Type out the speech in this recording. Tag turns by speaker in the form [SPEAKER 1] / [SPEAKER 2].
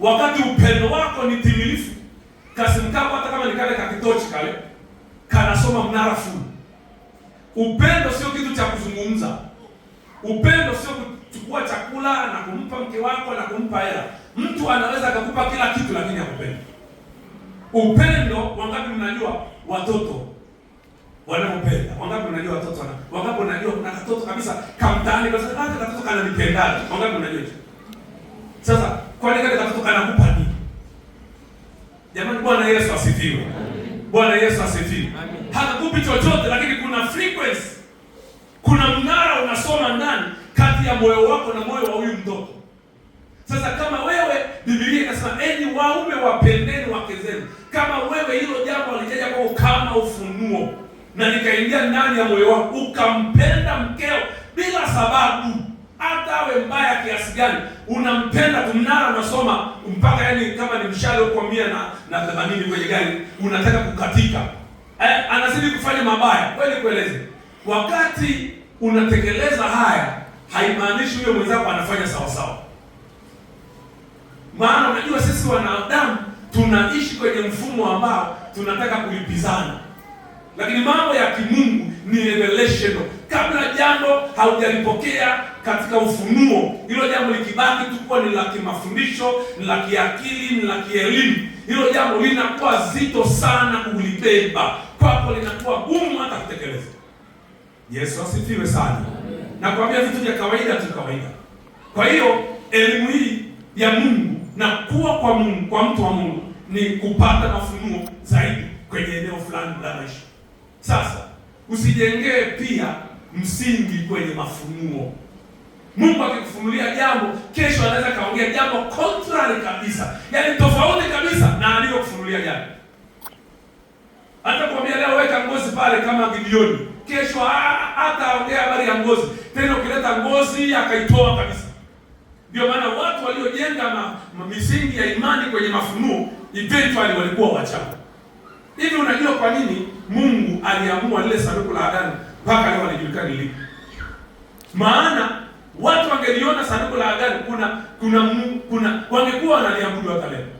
[SPEAKER 1] wakati upendo wako ni timilifu, kasimkapo hata kama ni kale kakitochi kale kanasoma mnara full. Upendo sio kitu cha kuzungumza. Upendo sio kuchukua chakula na kumpa mke wako na kumpa hela. Mtu anaweza akakupa kila kitu, lakini hakupenda. Upendo, wangapi mnajua watoto wanaopenda? Wangapi mnajua watoto wana, wangapi mnajua kuna katoto kabisa kamtani kwa sababu katoto kananipendaje? Wangapi mnajua hicho? Sasa kwa kale katoto anakupa nini? Jamani, Bwana Yesu asifiwe. Bwana Yesu asifiwe. kupi chochote, lakini kuna frequency. Kuna mnara unasoma ndani kati ya moyo wako na moyo wa huyu mtoto. Sasa kama wewe Biblia inasema enyi waume wapendeni wake zenu. Kama wewe hilo jambo alijaja kwa kama ufunuo na nikaingia ndani ya moyo wako ukampenda mkeo bila sababu kiasi gani, unampenda kumnara, unasoma mpaka yani kama ni mshale huko mia na na themanini kwenye gari unataka kukatika. Eh, anazidi kufanya mabaya kweli kweleze. Wakati unatekeleza haya, haimaanishi huyo mwenzako anafanya sawa sawa, maana unajua sisi wanadamu tunaishi kwenye mfumo ambao tunataka kulipizana, lakini mambo ya kimungu ni revelational kabla jambo haujalipokea katika ufunuo, hilo jambo likibaki tu kuwa ni la kimafundisho, ni la kiakili, ni la kielimu, hilo jambo linakuwa zito sana kulibeba kwako, linakuwa gumu hata kutekeleza. Yesu asifiwe sana. Na kuambia vitu vya kawaida tu kawaida. Kwa hiyo elimu hii ya Mungu na kuwa kwa Mungu, kwa mtu wa Mungu ni kupata mafunuo zaidi kwenye eneo fulani la maisha. Sasa usijengee pia msingi kwenye mafunuo. Mungu akikufunulia jambo, kesho anaweza kaongea jambo contrary kabisa, yaani tofauti kabisa na aliyokufunulia jana. Hata kuambia leo weka ngozi pale kama Gideoni, kesho hataongea habari ya ngozi tena. Ukileta ngozi akaitoa kabisa. Ndio maana watu waliojenga misingi ya imani kwenye mafunuo eventually walikuwa wachafu. Hivi unajua kwa nini Mungu aliamua lile sanduku la agano mpaka leo halijulikani lilipo? Maana watu wangeliona sanduku la agano kuna kuna kuna wangekuwa wanaliabudu hata leo.